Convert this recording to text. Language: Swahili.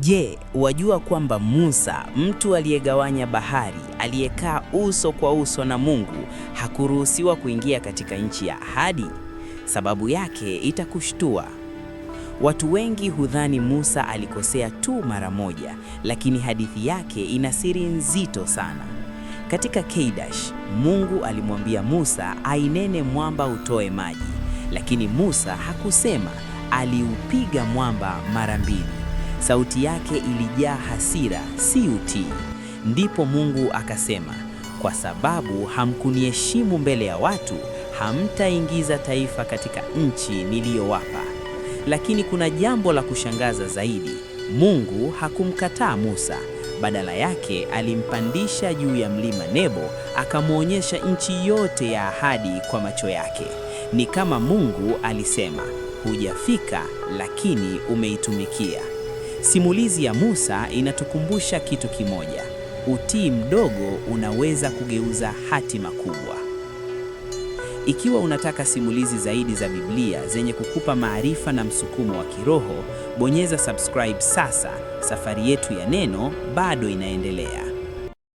Je, wajua kwamba Musa, mtu aliyegawanya bahari, aliyekaa uso kwa uso na Mungu, hakuruhusiwa kuingia katika nchi ya ahadi? Sababu yake itakushtua. Watu wengi hudhani Musa alikosea tu mara moja, lakini hadithi yake ina siri nzito sana. Katika Kadesh, Mungu alimwambia Musa ainene mwamba utoe maji, lakini Musa hakusema, aliupiga mwamba mara mbili. Sauti yake ilijaa hasira, si utii. Ndipo Mungu akasema, kwa sababu hamkuniheshimu mbele ya watu, hamtaingiza taifa katika nchi niliyowapa. Lakini kuna jambo la kushangaza zaidi. Mungu hakumkataa Musa. Badala yake alimpandisha juu ya mlima Nebo, akamwonyesha nchi yote ya ahadi kwa macho yake. Ni kama Mungu alisema, hujafika lakini umeitumikia. Simulizi ya Musa inatukumbusha kitu kimoja: utii mdogo unaweza kugeuza hatima kubwa. Ikiwa unataka simulizi zaidi za Biblia zenye kukupa maarifa na msukumo wa kiroho, bonyeza subscribe sasa. Safari yetu ya neno bado inaendelea.